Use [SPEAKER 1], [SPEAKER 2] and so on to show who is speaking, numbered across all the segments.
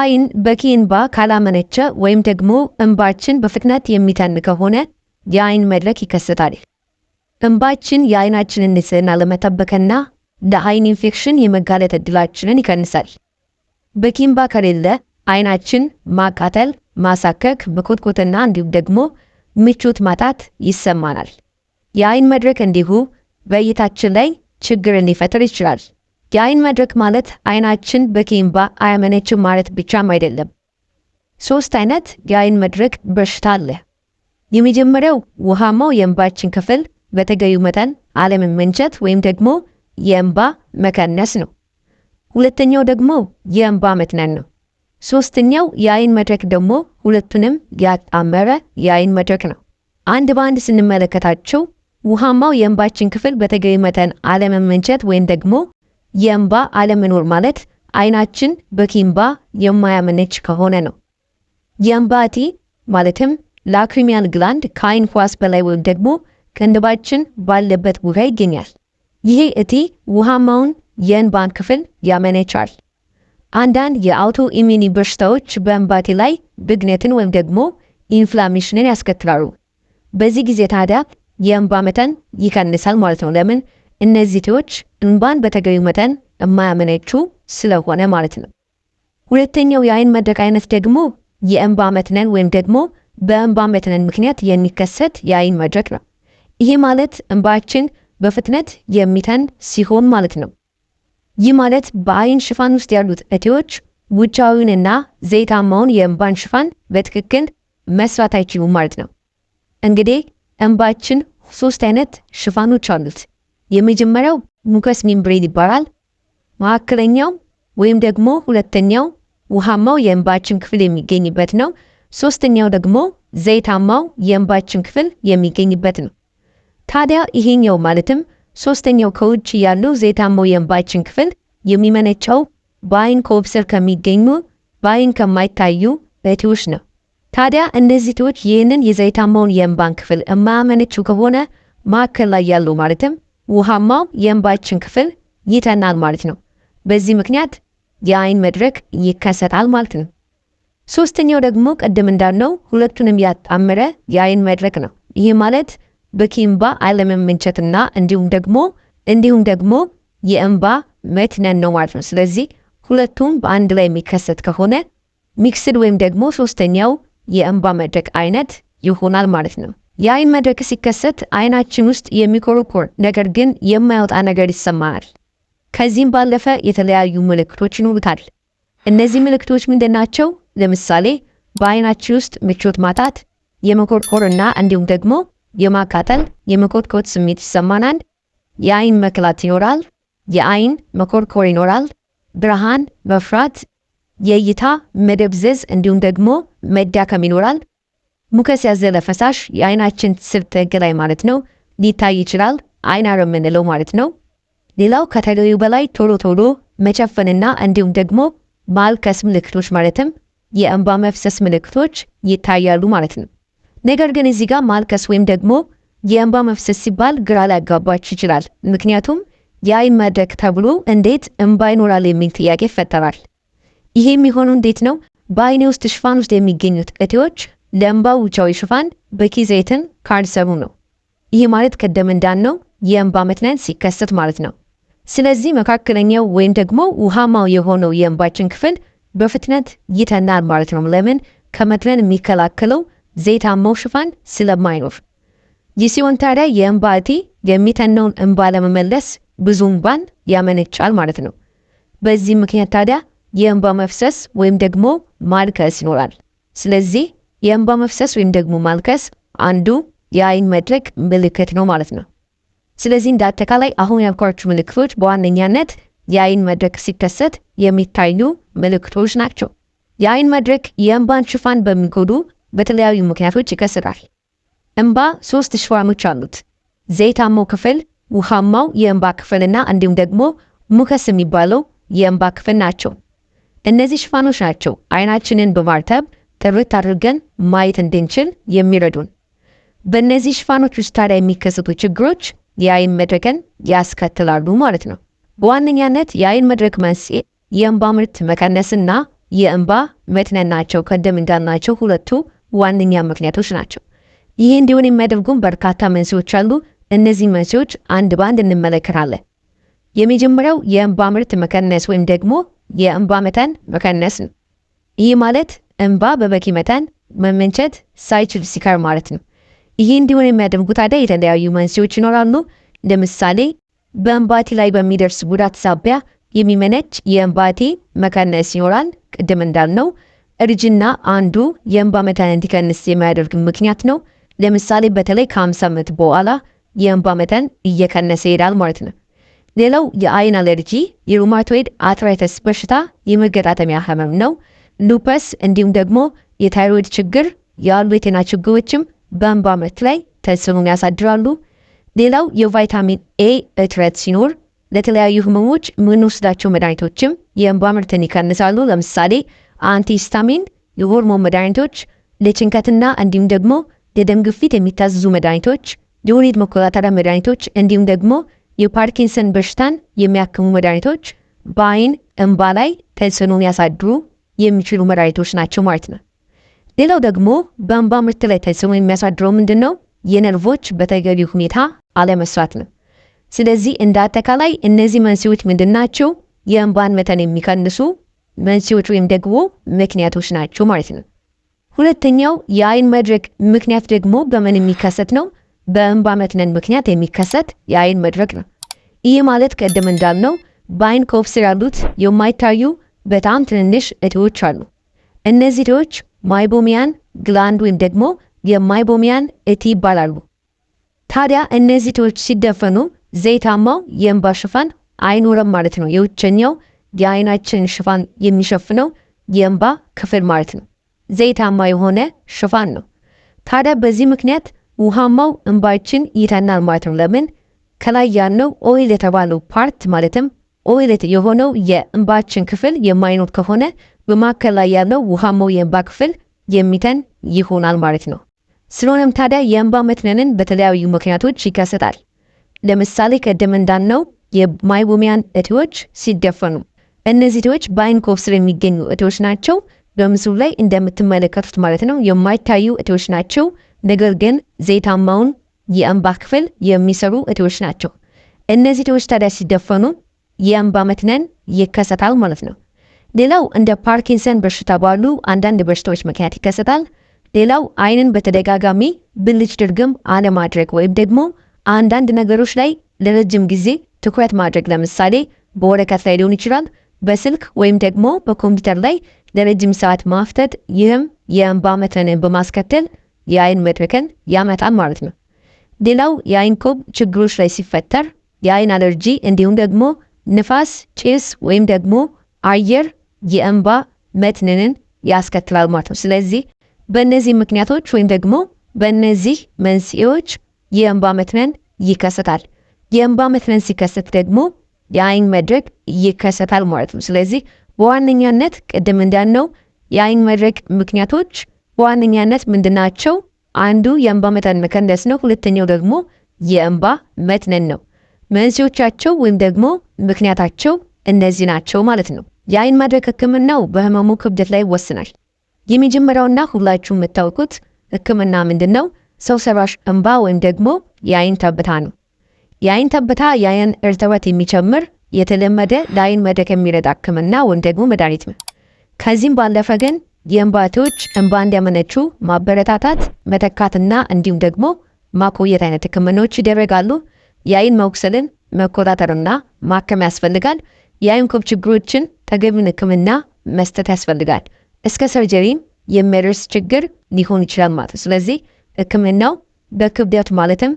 [SPEAKER 1] አይን በቂ እንባ ካላመነጨ ወይም ደግሞ እንባችን በፍጥነት የሚተን ከሆነ የአይን መድረቅ ይከሰታል። እንባችን የአይናችንን ንጽህና ለመጠበቅና ለአይን ኢንፌክሽን የመጋለጥ እድላችንን ይቀንሳል። በቂ እንባ ከሌለ አይናችን ማቃተል፣ ማሳከክ፣ መኮትኮትና እንዲሁም ደግሞ ምቾት ማጣት ይሰማናል። የአይን መድረቅ እንዲሁ በእይታችን ላይ ችግርን ሊፈጥር ይችላል። የአይን መድረክ ማለት አይናችን በኬምባ አያመነችም ማለት ብቻም አይደለም። ሶስት አይነት የአይን መድረክ በሽታ አለ። የመጀመሪያው ውሃማው የእንባችን ክፍል በተገዩ መጠን አለመመንጨት ወይም ደግሞ የእንባ መቀነስ ነው። ሁለተኛው ደግሞ የእንባ መትነን ነው። ሶስተኛው የአይን መድረክ ደግሞ ሁለቱንም ያጣመረ የአይን መድረክ ነው። አንድ በአንድ ስንመለከታቸው ውሃማው የእንባችን ክፍል በተገቢ መጠን አለመመንጨት ወይም ደግሞ የእንባ አለመኖር ማለት አይናችን በኪንባ የማያመነች ከሆነ ነው። የእንባ ማለትም ላክሪሚያል ግላንድ ከአይን ኳስ በላይ ወይም ደግሞ ከእንድባችን ባለበት ቦታ ይገኛል። ይሄ እቲ ውሃማውን የእንባን ክፍል ያመነቻል። አንዳንድ የአውቶ ኢሚኒ በሽታዎች በእንባቲ ላይ ብግነትን ወይም ደግሞ ኢንፍላሜሽንን ያስከትላሉ። በዚህ ጊዜ ታዲያ የእንባ መጠን ይቀንሳል ማለት ነው። ለምን እነዚህ እቲዎች? እንባን በተገቢው መጠን የማያመነችው ስለሆነ ማለት ነው። ሁለተኛው የአይን መድረቅ አይነት ደግሞ የእንባ መትነን ወይም ደግሞ በእንባ መትነን ምክንያት የሚከሰት የአይን መድረቅ ነው። ይህ ማለት እንባችን በፍጥነት የሚተን ሲሆን ማለት ነው። ይህ ማለት በአይን ሽፋን ውስጥ ያሉት እጢዎች ውጫዊውንና ዘይታማውን የእንባን ሽፋን በትክክል መስራት አይችሉም ማለት ነው። እንግዲህ እንባችን ሶስት አይነት ሽፋኖች አሉት። የመጀመሪያው ሙከስ ሚምብሬን ይባላል። መካከለኛው ወይም ደግሞ ሁለተኛው ውሃማው የእንባችን ክፍል የሚገኝበት ነው። ሶስተኛው ደግሞ ዘይታማው የእንባችን ክፍል የሚገኝበት ነው። ታዲያ ይሄኛው ማለትም ሶስተኛው ከውጭ ያለው ዘይታማው የእንባችን ክፍል የሚመነጨው በአይን ከወብሰር ከሚገኙ በአይን ከማይታዩ እጢዎች ነው። ታዲያ እነዚህ እጢዎች ይህንን የዘይታማውን የእንባን ክፍል የማያመነችው ከሆነ መካከል ላይ ያለው ማለትም ውሃማው የእንባችን ክፍል ይተናል ማለት ነው። በዚህ ምክንያት የአይን መድረቅ ይከሰታል ማለት ነው። ሶስተኛው ደግሞ ቅድም እንዳልነው ሁለቱንም ያጣመረ የአይን መድረቅ ነው። ይህ ማለት በቂ እንባ አለመመንጨትና እንዲሁም ደግሞ እንዲሁም ደግሞ የእንባ መትነን ነው ማለት ነው። ስለዚህ ሁለቱም በአንድ ላይ የሚከሰት ከሆነ ሚክስድ ወይም ደግሞ ሶስተኛው የእንባ መድረቅ አይነት ይሆናል ማለት ነው። የአይን መድረክ ሲከሰት አይናችን ውስጥ የሚኮረኮር ነገር ግን የማይወጣ ነገር ይሰማናል። ከዚህም ባለፈ የተለያዩ ምልክቶች ይኖሩታል። እነዚህ ምልክቶች ምንድናቸው? ለምሳሌ በአይናችን ውስጥ ምቾት ማጣት፣ የመኮርኮር እና እንዲሁም ደግሞ የማካተል የመኮትኮት ስሜት ይሰማናል። የአይን መክላት ይኖራል። የአይን መኮርኮር ይኖራል። ብርሃን መፍራት፣ የእይታ መደብዘዝ እንዲሁም ደግሞ መዳከም ይኖራል። ሙከስ ያዘለ ፈሳሽ የአይናችን ስር ተገላይ ማለት ነው ሊታይ ይችላል። አይን ረ የምንለው ማለት ነው። ሌላው ከተለዩ በላይ ቶሎ ቶሎ መጨፈንና እንዲሁም ደግሞ ማልከስ ምልክቶች ማለትም የእንባ መፍሰስ ምልክቶች ይታያሉ ማለት ነው። ነገር ግን እዚህ ጋር ማልከስ ወይም ደግሞ የእንባ መፍሰስ ሲባል ግራ ሊያጋባችሁ ይችላል። ምክንያቱም የአይን መድረክ ተብሎ እንዴት እንባ ይኖራል የሚል ጥያቄ ይፈጠራል። ይሄም የሚሆኑ እንዴት ነው በአይኔ ውስጥ ሽፋን ውስጥ የሚገኙት እጢዎች ለእንባ ውጫዊ ሽፋን በቂ ዘይትን ካልሰሙ ነው። ይህ ማለት ቀደም እንዳልነው የእንባ መትነን ሲከሰት ማለት ነው። ስለዚህ መካከለኛው ወይም ደግሞ ውሃማው የሆነው የእንባችን ክፍል በፍጥነት ይተናል ማለት ነው። ለምን? ከመትነን የሚከላከለው ዘይታማው ሽፋን ስለማይኖር። ይህ ሲሆን ታዲያ የእንባ እጢ የሚተነውን እንባ ለመመለስ ብዙ እንባን ያመነጫል ማለት ነው። በዚህ ምክንያት ታዲያ የእንባ መፍሰስ ወይም ደግሞ ማልከስ ይኖራል። ስለዚህ የእንባ መፍሰስ ወይም ደግሞ ማልከስ አንዱ የአይን መድረቅ ምልክት ነው ማለት ነው። ስለዚህ እንደ አጠቃላይ አሁን ያልኳችሁ ምልክቶች በዋነኛነት የአይን መድረቅ ሲከሰት የሚታዩ ምልክቶች ናቸው። የአይን መድረቅ የእንባን ሽፋን በሚጎዱ በተለያዩ ምክንያቶች ይከሰታል። እንባ ሶስት ሽፋኖች አሉት። ዘይታማው ክፍል፣ ውሃማው የእንባ ክፍልና እንዲሁም ደግሞ ሙከስ የሚባለው የእንባ ክፍል ናቸው። እነዚህ ሽፋኖች ናቸው አይናችንን በማርተብ ጥርት አድርገን ማየት እንድንችል የሚረዱን። በእነዚህ ሽፋኖች ውስጥ ታዲያ የሚከሰቱ ችግሮች የአይን መድረክን ያስከትላሉ ማለት ነው። በዋነኛነት የአይን መድረክ መንስኤ የእንባ ምርት መቀነስና የእንባ መትነን ናቸው። ቀደም እንዳልናቸው ሁለቱ ዋነኛ ምክንያቶች ናቸው። ይህ እንዲሆን የሚያደርጉም በርካታ መንስኤዎች አሉ። እነዚህ መንስኤዎች አንድ በአንድ እንመለከታለን። የመጀመሪያው የእንባ ምርት መቀነስ ወይም ደግሞ የእንባ መተን መቀነስ ነው። ይህ ማለት እንባ በበቂ መጠን መመንጨት ሳይችል ሲቀር ማለት ነው። ይሄ እንዲሆን የሚያደርጉ ታዲያ የተለያዩ መንስኤዎች ይኖራሉ። ለምሳሌ በእንባቴ ላይ በሚደርስ ጉዳት ሳቢያ የሚመነጭ የእንባቴ መቀነስ ይኖራል። ቅድም እንዳልነው እርጅና አንዱ የእንባ መጠን እንዲቀንስ የሚያደርግ ምክንያት ነው። ለምሳሌ በተለይ ከ50 ዓመት በኋላ የእንባ መጠን እየቀነሰ ይሄዳል ማለት ነው። ሌላው የአይን አለርጂ የሩማቶይድ አትራይተስ በሽታ የመገጣጠሚያ ህመም ነው። ሉፐስ እንዲሁም ደግሞ የታይሮይድ ችግር ያሉ የጤና ችግሮችም በእምባ ምርት ላይ ተጽዕኖን ያሳድራሉ። ሌላው የቫይታሚን ኤ እጥረት ሲኖር ለተለያዩ ህመሞች የምንወስዳቸው መድኃኒቶችም የእምባ ምርትን ይቀንሳሉ። ለምሳሌ አንቲስታሚን፣ የሆርሞን መድኃኒቶች፣ ለጭንቀትና እንዲሁም ደግሞ ለደም ግፊት የሚታዘዙ መድኃኒቶች፣ የወሊድ መቆጣጠሪያ መድኃኒቶች እንዲሁም ደግሞ የፓርኪንሰን በሽታን የሚያክሙ መድኃኒቶች በአይን እንባ ላይ ተጽዕኖን ያሳድሩ የሚችሉ መድኃኒቶች ናቸው ማለት ነው። ሌላው ደግሞ በእንባ ምርት ላይ ተጽዕኖ የሚያሳድረው ምንድን ነው? የነርቮች በተገቢ ሁኔታ አለመስራት ነው። ስለዚህ እንደ አጠቃላይ እነዚህ መንስኤዎች ምንድን ናቸው? የእንባን መተን የሚቀንሱ መንስኤዎች ወይም ደግሞ ምክንያቶች ናቸው ማለት ነው። ሁለተኛው የአይን መድረቅ ምክንያት ደግሞ በምን የሚከሰት ነው? በእንባ መትነን ምክንያት የሚከሰት የአይን መድረቅ ነው። ይህ ማለት ቀደም እንዳልነው በአይን ኮፍ ስር ያሉት የማይታዩ በጣም ትንንሽ እድዎች አሉ። እነዚህ እድዎች ማይቦሚያን ግላንድ ወይም ደግሞ የማይቦሚያን እቲ ይባላሉ። ታዲያ እነዚህ እድዎች ሲደፈኑ ዘይታማው የእንባ ሽፋን አይኖረም ማለት ነው። የውቸኛው የአይናችን ሽፋን የሚሸፍነው የእንባ ክፍል ማለት ነው። ዘይታማ የሆነ ሽፋን ነው። ታዲያ በዚህ ምክንያት ውሃማው እንባችን ይተናል ማለት ነው። ለምን ከላይ ያለው ኦይል የተባለው ፓርት ማለትም ኦይለት የሆነው የእንባችን ክፍል የማይኖር ከሆነ በማዕከል ላይ ያለው ውሃማው የእንባ ክፍል የሚተን ይሆናል ማለት ነው። ስለሆነም ታዲያ የእንባ መትነንን በተለያዩ ምክንያቶች ይከሰታል። ለምሳሌ ቀደም እንዳልነው የማይቦሚያን እጢዎች ሲደፈኑ፣ እነዚህ እጢዎች በአይን ኮፍ ስር የሚገኙ እጢዎች ናቸው። በምስሉ ላይ እንደምትመለከቱት ማለት ነው የማይታዩ እጢዎች ናቸው። ነገር ግን ዘይታማውን የእንባ ክፍል የሚሰሩ እጢዎች ናቸው። እነዚህ እጢዎች ታዲያ ሲደፈኑ የእምባ መትነን ይከሰታል ማለት ነው። ሌላው እንደ ፓርኪንሰን በሽታ ባሉ አንዳንድ በሽታዎች ምክንያት ይከሰታል። ሌላው አይንን በተደጋጋሚ ብልጭ ድርግም አለማድረግ ወይም ደግሞ አንዳንድ ነገሮች ላይ ለረጅም ጊዜ ትኩረት ማድረግ ለምሳሌ በወረቀት ላይ ሊሆን ይችላል፣ በስልክ ወይም ደግሞ በኮምፒውተር ላይ ለረጅም ሰዓት ማፍተት ይህም የእምባ መትነንን በማስከተል የአይን መድረቅን ያመጣል ማለት ነው። ሌላው የአይን ኮብ ችግሮች ላይ ሲፈጠር የአይን አለርጂ እንዲሁም ደግሞ ንፋስ፣ ጭስ ወይም ደግሞ አየር የእንባ መትንንን ያስከትላል ማለት ነው። ስለዚህ በእነዚህ ምክንያቶች ወይም ደግሞ በእነዚህ መንስኤዎች የእንባ መትነን ይከሰታል። የእንባ መትነን ሲከሰት ደግሞ የአይን መድረቅ ይከሰታል ማለት ነው። ስለዚህ በዋነኛነት ቅድም እንዳልነው የአይን መድረቅ ምክንያቶች በዋነኛነት ምንድናቸው? አንዱ የእንባ መጠን መቀነስ ነው። ሁለተኛው ደግሞ የእንባ መትነን ነው። መንስኤዎቻቸው ወይም ደግሞ ምክንያታቸው እነዚህ ናቸው ማለት ነው። የአይን ማድረግ ህክምናው በህመሙ ክብደት ላይ ይወስናል። የመጀመሪያውና ሁላችሁ የምታውቁት ህክምና ምንድን ነው? ሰው ሰራሽ እንባ ወይም ደግሞ የአይን ጠብታ ነው። የአይን ጠብታ የአይን እርጥበት የሚጨምር የተለመደ ለአይን መድረቅ የሚረዳ ህክምና ወይም ደግሞ መድኃኒት ነው። ከዚህም ባለፈ ግን የእንባቶች እንባ እንዲያመነቹ ማበረታታት፣ መተካትና እንዲሁም ደግሞ ማቆየት አይነት ህክምናዎች ይደረጋሉ። የአይን መቁሰልን መቆጣጠርና ማከም ያስፈልጋል። የአይን ኮብ ችግሮችን ተገቢውን ሕክምና መስጠት ያስፈልጋል። እስከ ሰርጀሪም የሚያደርስ ችግር ሊሆን ይችላል ማለት ነው። ስለዚህ ሕክምናው በክብደት ማለትም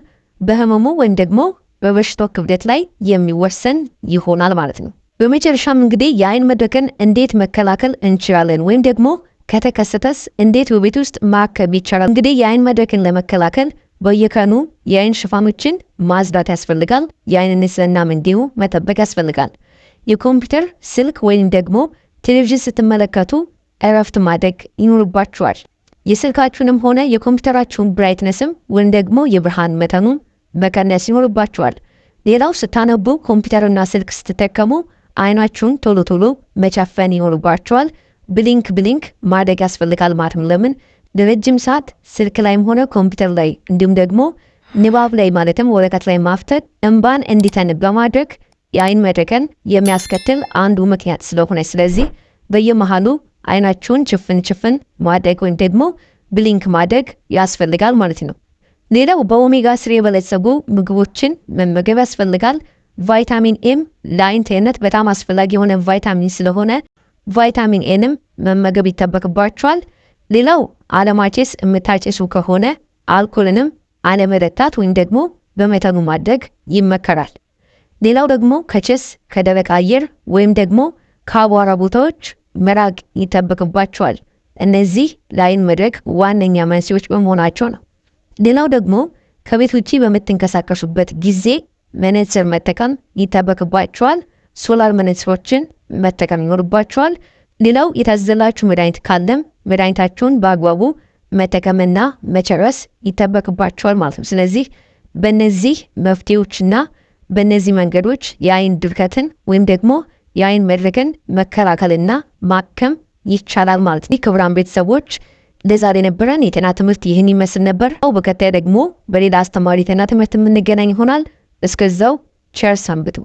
[SPEAKER 1] በህመሙ ወይም ደግሞ በበሽታው ክብደት ላይ የሚወሰን ይሆናል ማለት ነው። በመጨረሻም እንግዲህ የአይን መድረቅን እንዴት መከላከል እንችላለን ወይም ደግሞ ከተከሰተስ እንዴት በቤት ውስጥ ማከም ይቻላል? እንግዲህ የአይን መድረቅን ለመከላከል በየቀኑ የአይን ሽፋኖችን ማጽዳት ያስፈልጋል። የአይን ንጽህናም እንዲሁ መጠበቅ ያስፈልጋል። የኮምፒውተር ስልክ ወይም ደግሞ ቴሌቪዥን ስትመለከቱ እረፍት ማድረግ ይኖርባችኋል። የስልካችሁንም ሆነ የኮምፒውተራችሁን ብራይትነስም ወይም ደግሞ የብርሃን መጠኑን መቀነስ ይኖርባችኋል። ሌላው ስታነቡ ኮምፒውተርና ስልክ ስትጠቀሙ አይናችሁን ቶሎ ቶሎ መጨፈን ይኖርባችኋል። ብሊንክ ብሊንክ ማድረግ ያስፈልጋል ማለትም ለምን ለረጅም ሰዓት ስልክ ላይም ሆነ ኮምፒውተር ላይ እንዲሁም ደግሞ ንባብ ላይ ማለትም ወረቀት ላይ ማፍተት እንባን እንዲተንብ በማድረግ የአይን መድረቅን የሚያስከትል አንዱ ምክንያት ስለሆነ ስለዚህ በየመሃሉ አይናችሁን ችፍን ችፍን ማድረግ ወይም ደግሞ ብሊንክ ማድረግ ያስፈልጋል ማለት ነው። ሌላው በኦሜጋ ስሪ የበለጸጉ ምግቦችን መመገብ ያስፈልጋል። ቫይታሚን ኤም ለአይን ጤንነት በጣም አስፈላጊ የሆነ ቫይታሚን ስለሆነ ቫይታሚን ኤንም መመገብ ይጠበቅባቸዋል። ሌላው አለማጨስ የምታጨሱ ከሆነ አልኮልንም አለመጠጣት ወይም ደግሞ በመጠኑ ማድረግ ይመከራል። ሌላው ደግሞ ከጭስ ከደረቅ አየር ወይም ደግሞ ከአቧራ ቦታዎች መራቅ ይጠበቅባቸዋል። እነዚህ ለአይን መድረክ ዋነኛ መንስኤዎች በመሆናቸው ነው። ሌላው ደግሞ ከቤት ውጭ በምትንቀሳቀሱበት ጊዜ መነጽር መጠቀም ይጠበቅባቸዋል። ሶላር መነጽሮችን መጠቀም ይኖርባቸዋል። ሌላው የታዘላችሁ መድኃኒት ካለም መድኃኒታቸውን በአግባቡ መጠቀምና መጨረስ ይጠበቅባቸዋል ማለት ነው። ስለዚህ በእነዚህ መፍትሄዎችና በእነዚህ መንገዶች የአይን ድርቀትን ወይም ደግሞ የአይን መድረቅን መከላከልና ማከም ይቻላል ማለት ነው። ክቡራን ቤተሰቦች ለዛሬ የነበረን የጤና ትምህርት ይህን ይመስል ነበር። በቀጣይ ደግሞ በሌላ አስተማሪ የጤና ትምህርት የምንገናኝ ይሆናል። እስከዛው ቸር ሰንብቱ።